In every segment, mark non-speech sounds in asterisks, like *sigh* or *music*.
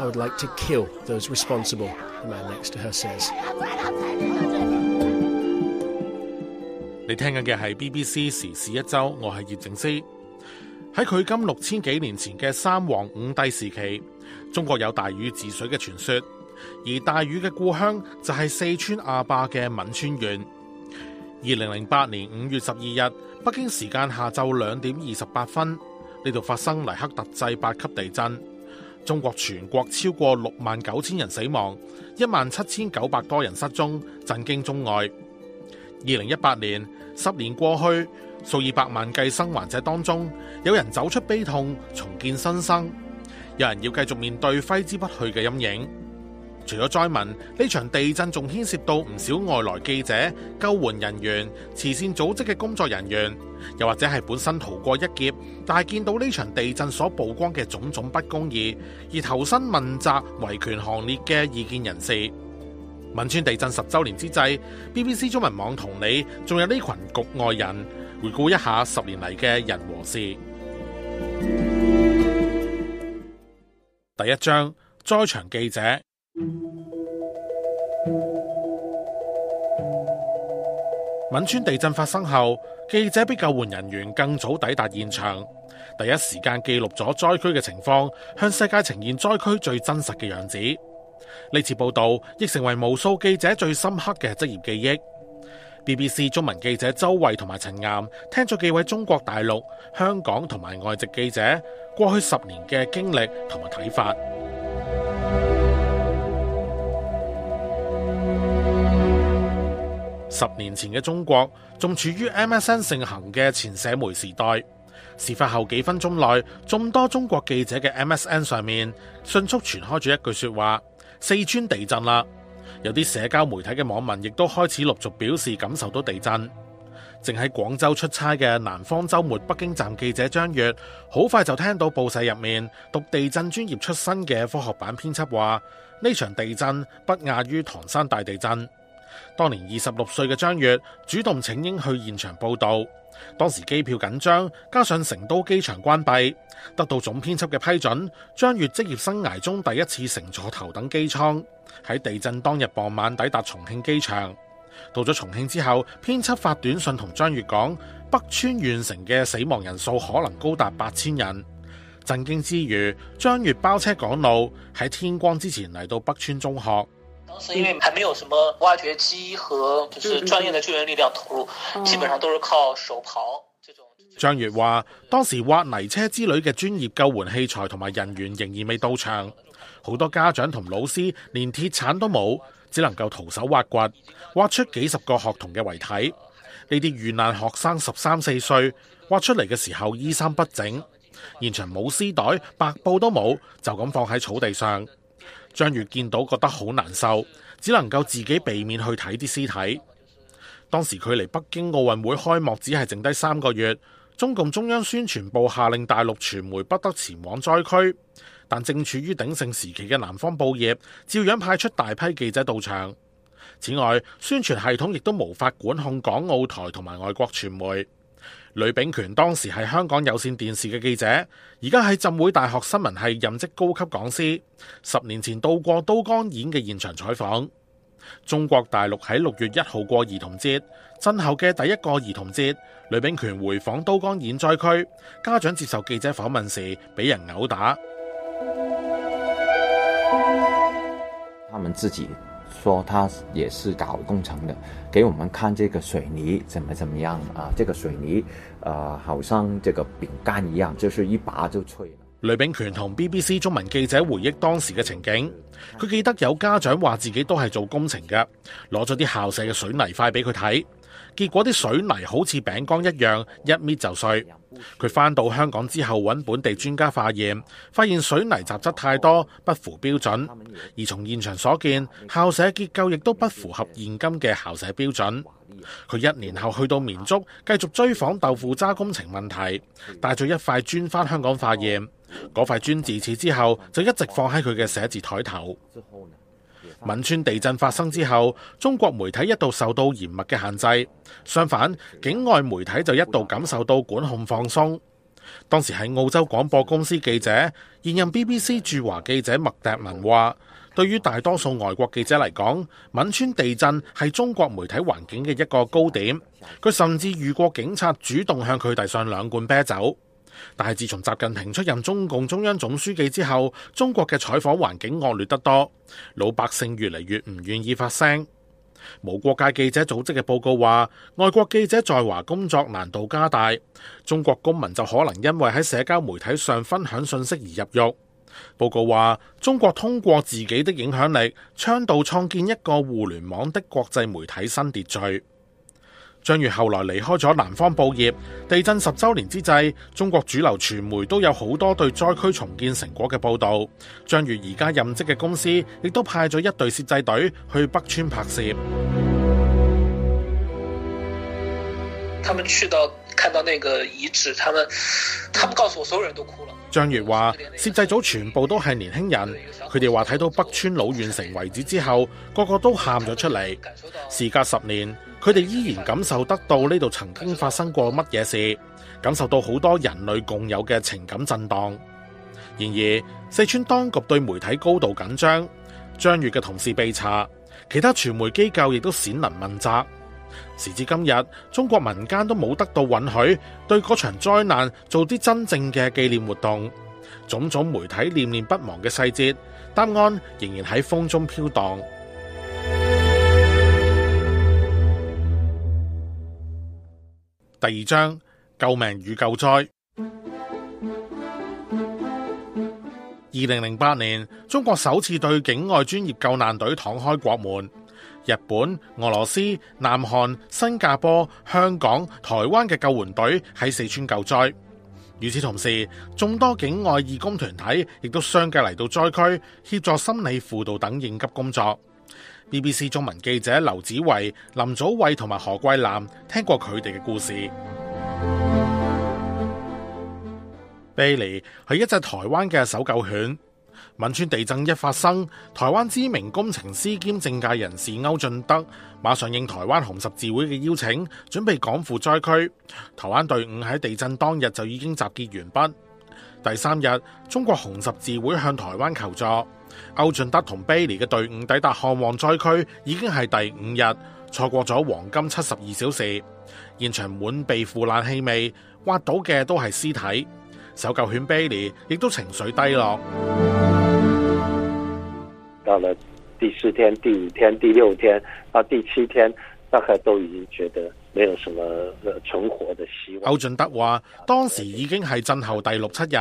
你聽緊嘅係 BBC 時事一周。我係葉靜思。喺佢今六千幾年前嘅三皇五帝時期，中國有大禹治水嘅傳說，而大禹嘅故鄉就係四川阿壩嘅汶川縣。二零零八年五月十二日，北京時間下晝兩點二十八分，呢度發生黎克特制八級地震。中國全國超過六萬九千人死亡，一萬七千九百多人失蹤，震驚中外。二零一八年，十年過去，數以百萬計生還者當中，有人走出悲痛，重建新生，有人要繼續面對揮之不去嘅陰影。除咗災民，呢場地震仲牽涉到唔少外來記者、救援人員、慈善組織嘅工作人員，又或者係本身逃過一劫，但係見到呢場地震所曝光嘅種種不公義，而投身問責、維權行列嘅異見人士。汶川地震十周年之際，BBC 中文網同你，仲有呢群局外人，回顧一下十年嚟嘅人和事。第一章：災場記者。汶川地震發生後，記者比救援人員更早抵達現場，第一時間記錄咗災區嘅情況，向世界呈現災區最真實嘅樣子。呢次報道亦成為無數記者最深刻嘅職業記憶。BBC 中文記者周慧同埋陳岩聽咗幾位中國大陸、香港同埋外籍記者過去十年嘅經歷同埋睇法。十年前嘅中國仲處於 MSN 盛行嘅前社媒時代。事發後幾分鐘內，眾多中國記者嘅 MSN 上面迅速傳開咗一句說話：四川地震啦！有啲社交媒體嘅網民亦都開始陸續表示感受到地震。正喺廣州出差嘅南方周末北京站記者張悅，好快就聽到報社入面讀地震專業出身嘅科學版編輯話：呢場地震不亞於唐山大地震。當年二十六歲嘅張越主動請纓去現場報道，當時機票緊張，加上成都機場關閉，得到總編輯嘅批准，張越職業生涯中第一次乘坐頭等機艙，喺地震當日傍晚抵達重慶機場。到咗重慶之後，編輯發短信同張越講，北川縣城嘅死亡人數可能高達八千人。震驚之餘，張越包車趕路，喺天光之前嚟到北川中學。當時因為還沒有什麼挖掘機和就是專業的救援力量投入、嗯，基本上都是靠手刨。張月話：當時挖泥車之類嘅專業救援器材同埋人員仍然未到場，好多家長同老師連鐵鏟,鏟都冇，只能夠徒手挖掘，挖出幾十個學童嘅遺體。呢啲遇難學生十三四歲，挖出嚟嘅時候衣衫不整，現場冇屍袋、白布都冇，就咁放喺草地上。張月見到覺得好難受，只能夠自己避免去睇啲屍體。當時距離北京奧運會開幕只係剩低三個月，中共中央宣傳部下令大陸傳媒不得前往災區，但正處於鼎盛時期嘅南方報業，照樣派出大批記者到場。此外，宣傳系統亦都無法管控港澳台同埋外國傳媒。呂炳權當時係香港有線電視嘅記者，而家喺浸會大學新聞係任職高級講師。十年前到過都江堰嘅現場採訪。中國大陸喺六月一號過兒童節，震後嘅第一個兒童節，呂炳權回訪都江堰災區，家長接受記者訪問時俾人毆打。他們自己。說他也是搞工程的，給我們看這個水泥怎麼怎麼樣啊，這個水泥，啊，好像這個餅乾一樣，就是一把就脆了。呂炳權同 BBC 中文記者回憶當時嘅情景，佢記得有家長話自己都係做工程嘅，攞咗啲校舍嘅水泥塊俾佢睇。結果啲水泥好似餅乾一樣，一搣就碎。佢返到香港之後揾本地專家化驗，發現水泥雜質太多，不符標準。而從現場所見，校舍結構亦都不符合現今嘅校舍標準。佢一年後去到綿竹，繼續追訪豆腐渣工程問題，帶咗一塊磚返香港化驗。嗰塊磚自此之後就一直放喺佢嘅寫字台頭。汶川地震發生之後，中國媒體一度受到嚴密嘅限制，相反境外媒體就一度感受到管控放鬆。當時喺澳洲廣播公司記者、現任 BBC 駐華記者麥迪文話，對於大多數外國記者嚟講，汶川地震係中國媒體環境嘅一個高點。佢甚至遇過警察主動向佢遞上兩罐啤酒。但係自從習近平出任中共中央總書記之後，中國嘅採訪環境惡劣得多，老百姓越嚟越唔願意發聲。無國界記者組織嘅報告話，外國記者在華工作難度加大，中國公民就可能因為喺社交媒體上分享信息而入獄。報告話，中國通過自己的影響力，倡導創建一個互聯網的國際媒體新秩序。張悅後來離開咗南方報業。地震十周年之際，中國主流傳媒都有好多對災區重建成果嘅報道。張悅而家任職嘅公司，亦都派咗一隊攝製隊去北川拍攝。他們去到看到那個遺址，他們，他們告訴我，所有人都哭了。張月話，攝製組全部都係年輕人，佢哋話睇到北川老縣城遺址之後，個個都喊咗出嚟。事隔十年，佢哋依然感受得到呢度曾經發生過乜嘢事，感受到好多人類共有嘅情感震蕩。然而，四川當局對媒體高度緊張，張月嘅同事被查，其他傳媒機構亦都鮮能問責。時至今日，中國民間都冇得到允許對嗰場災難做啲真正嘅紀念活動。種種媒體念念不忘嘅細節，答案仍然喺風中飄蕩。第二章：救命與救災。二零零八年，中國首次對境外專業救難隊敞開國門。日本、俄羅斯、南韓、新加坡、香港、台灣嘅救援隊喺四川救災。與此同時，眾多境外義工團體亦都相繼嚟到災區，協助心理輔導等應急工作。BBC 中文記者劉子維、林祖偉同埋何桂藍聽過佢哋嘅故事。貝尼係一隻台灣嘅搜救犬。汶川地震一發生，台灣知名工程師兼政界人士歐進德馬上應台灣紅十字會嘅邀請，準備趕赴災區。台灣隊伍喺地震當日就已經集結完畢。第三日，中國紅十字會向台灣求助，歐進德同貝利嘅隊伍抵達漢旺災區，已經係第五日，錯過咗黃金七十二小時。現場滿被腐爛氣味，挖到嘅都係屍體。搜救犬貝利亦都情緒低落。到了第四天、第五天、第六天，到、啊、第七天，大概都已經覺得沒有什麼存活的希望。歐俊德話：當時已經係震後第六七日，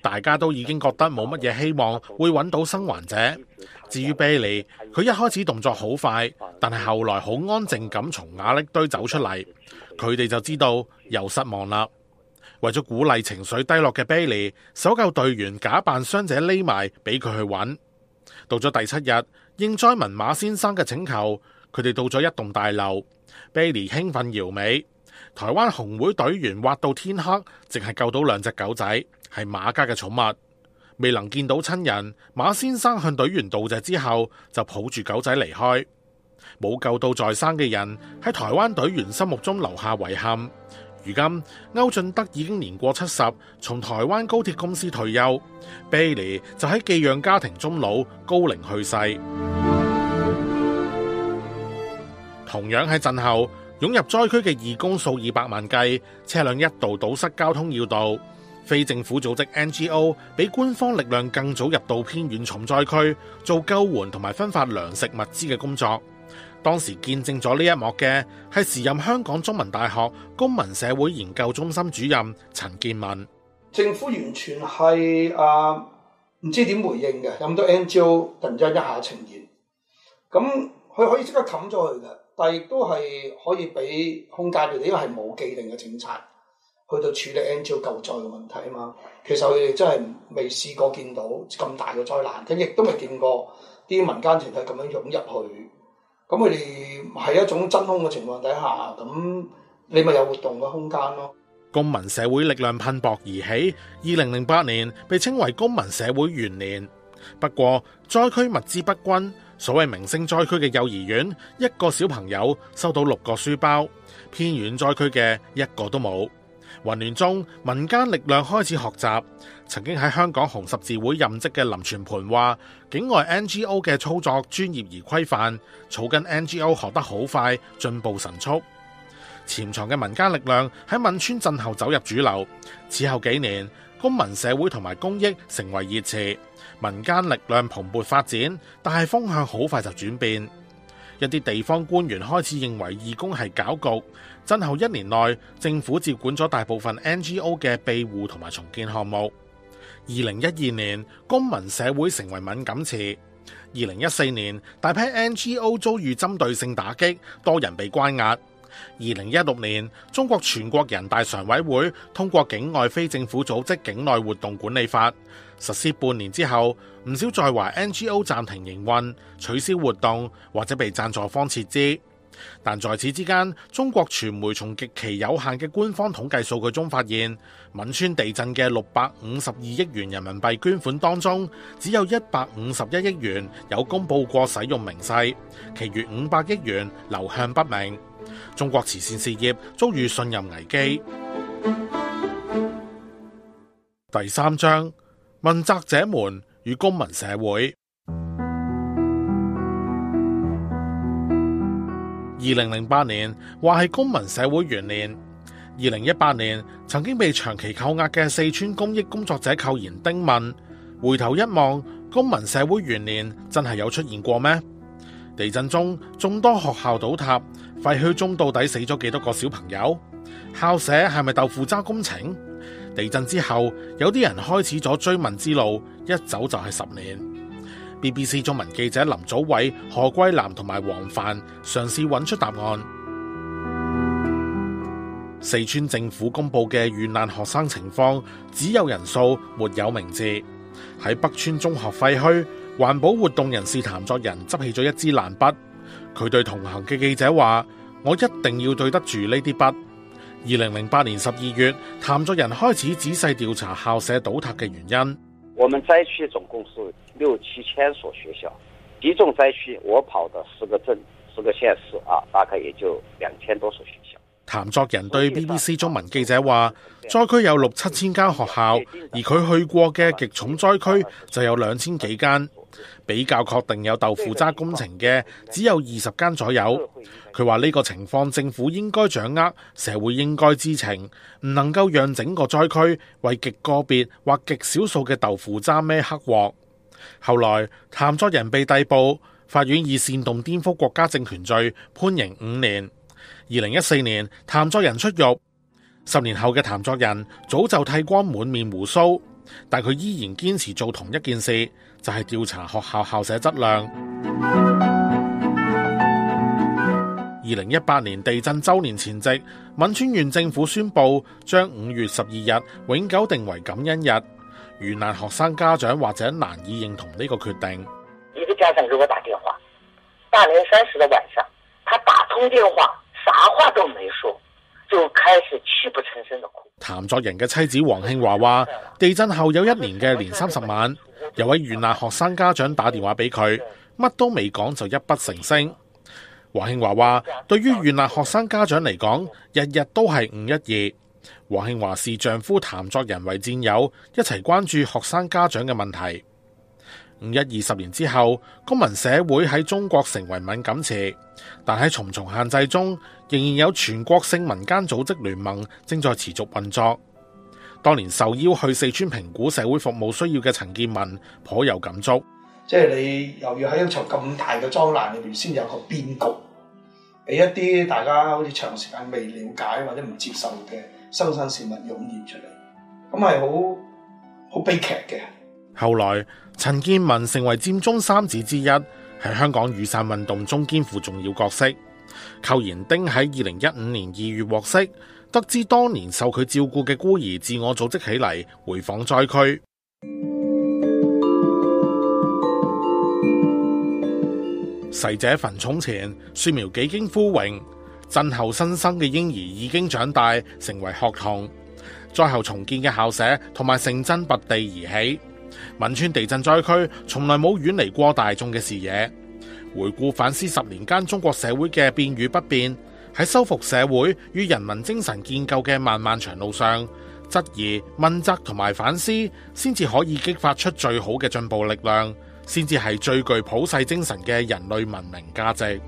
大家都已經覺得冇乜嘢希望會揾到生還者。至於貝利，佢一開始動作好快，但係後來好安靜咁從瓦礫堆走出嚟，佢哋就知道又失望啦。為咗鼓勵情緒低落嘅貝利，搜救隊員假扮傷者匿埋俾佢去揾。到咗第七日，應災民馬先生嘅請求，佢哋到咗一棟大樓。 *laughs* Benny 興奮搖尾。台灣紅會隊員挖到天黑，淨係救到兩隻狗仔，係馬家嘅寵物。未能見到親人，馬先生向隊員道謝之後，就抱住狗仔離開。冇救到在生嘅人，喺台灣隊員心目中留下遺憾。如今，歐進德已經年過七十，從台灣高鐵公司退休。卑利就喺寄養家庭中老高齡去世。同樣喺震後湧入災區嘅義工數以百萬計，車輛一度堵塞交通要道。非政府組織 NGO 比官方力量更早入到偏遠重災區，做救援同埋分發糧食物資嘅工作。當時見證咗呢一幕嘅，係時任香港中文大學公民社會研究中心主任陳建文。政府完全係誒，唔知點回應嘅，有咁多 NGO 突然之間一下呈現，咁佢可以即刻冚咗佢嘅，但係亦都係可以俾空間佢哋，因為係冇既定嘅政策去到處理 NGO 救災嘅問題啊嘛。其實佢哋真係未試過見到咁大嘅災難，佢亦都未見過啲民間團體咁樣湧入去。咁佢哋係一種真空嘅情況底下，咁你咪有活動嘅空間咯。公民社會力量噴薄而起，二零零八年被稱為公民社會元年。不過，災區物資不均，所謂明星災區嘅幼兒園，一個小朋友收到六個書包，偏遠災區嘅一個都冇。混亂中，民間力量開始學習。曾經喺香港紅十字會任職嘅林全盤話，境外 NGO 嘅操作專業而規範，草根 NGO 學得好快，進步神速。潛藏嘅民間力量喺汶川震後走入主流。此後幾年，公民社會同埋公益成為熱詞，民間力量蓬勃發展，但係風向好快就轉變。一啲地方官員開始認為義工係搞局。震後一年內，政府接管咗大部分 NGO 嘅庇護同埋重建項目。二零一二年，公民社會成為敏感詞。二零一四年，大批 NGO 遭遇針對性打擊，多人被關押。二零一六年，中國全國人大常委會通過《境外非政府組織境內活動管理法》，實施半年之後，唔少在華 NGO 暫停營運、取消活動或者被讚助方撤資。但在此之間，中國傳媒從極其有限嘅官方統計數據中發現，汶川地震嘅六百五十二億元人民幣捐款當中，只有一百五十一億元有公布過使用明細，其餘五百億元流向不明。中國慈善事業遭遇信任危機。第三章：問責者們與公民社會。二零零八年話係公民社會元年，二零一八年曾經被長期扣押嘅四川公益工作者寇延丁問，回頭一望，公民社會元年真係有出現過咩？地震中，眾多學校倒塌，廢墟中到底死咗幾多個小朋友？校舍係咪豆腐渣工程？地震之後，有啲人開始咗追問之路，一走就係十年。BBC 中文記者林祖偉、何桂南同埋黃凡嘗試揾出答案。四川政府公布嘅遇難學生情況，只有人數，沒有名字。喺北川中學廢墟。環保活動人士譚作人執起咗一支爛筆，佢對同行嘅記者話：我一定要對得住呢啲筆。二零零八年十二月，譚作人開始仔細調查校舍倒塌嘅原因。我們災區總共是六七千所學校，集中災區我跑的四個鎮、四個縣市啊，大概也就兩千多所學校。譚作人對 BBC 中文記者話：災區有六七千間學校，而佢去過嘅極重災區就有兩千幾間。比較確定有豆腐渣工程嘅只有二十間左右。佢話呢個情況政府應該掌握，社會應該知情，唔能夠讓整個災區為極個別或極少數嘅豆腐渣咩黑鑊。後來譚作人被逮捕，法院以煽動顛覆國家政權罪判刑五年。二零一四年譚作人出獄，十年後嘅譚作人早就剃光滿面鬍鬚，但佢依然堅持做同一件事，就係、是、調查學校校舍質量。二零一八年地震周年前夕，汶川縣政府宣布將五月十二日永久定為感恩日，遇難學生家長或者難以認同呢個決定。一個家長給我打電話，大年三十嘅晚上，他打通電話。啥話都沒說，就開始泣不成聲的哭。譚作人嘅妻子黃慶華話：地震後有一年嘅年三十晚，有位遇難學生家長打電話俾佢，乜都未講就泣不成聲。黃慶華話：對於遇難學生家長嚟講，日日都係五一二。黃慶華視丈夫譚作人為戰友，一齊關注學生家長嘅問題。五一二十年之後，公民社會喺中國成為敏感詞，但喺重重限制中，仍然有全國性民間組織聯盟正在持續運作。當年受邀去四川評估社會服務需要嘅陳建文，頗有感觸。即係你又要喺一場咁大嘅災難裏邊，先有一個變局，俾一啲大家好似長時間未了解或者唔接受嘅新生，生事物湧現出嚟，咁係好好悲劇嘅。後來，陳建文成為佔中三子之一，喺香港雨傘運動中肩負重要角色。寇延丁喺二零一五年二月獲釋，得知當年受佢照顧嘅孤兒自我組織起嚟回訪災區。逝 *music* 者墳塚前，樹苗幾經枯榮；震後新生嘅嬰兒已經長大，成為學童。災後重建嘅校舍同埋城真拔地而起。汶川地震災區從來冇遠離過大眾嘅視野。回顧反思十年間中國社會嘅變與不變，喺修復社會與人民精神建構嘅漫漫長路上，質疑、問責同埋反思，先至可以激發出最好嘅進步力量，先至係最具普世精神嘅人類文明價值。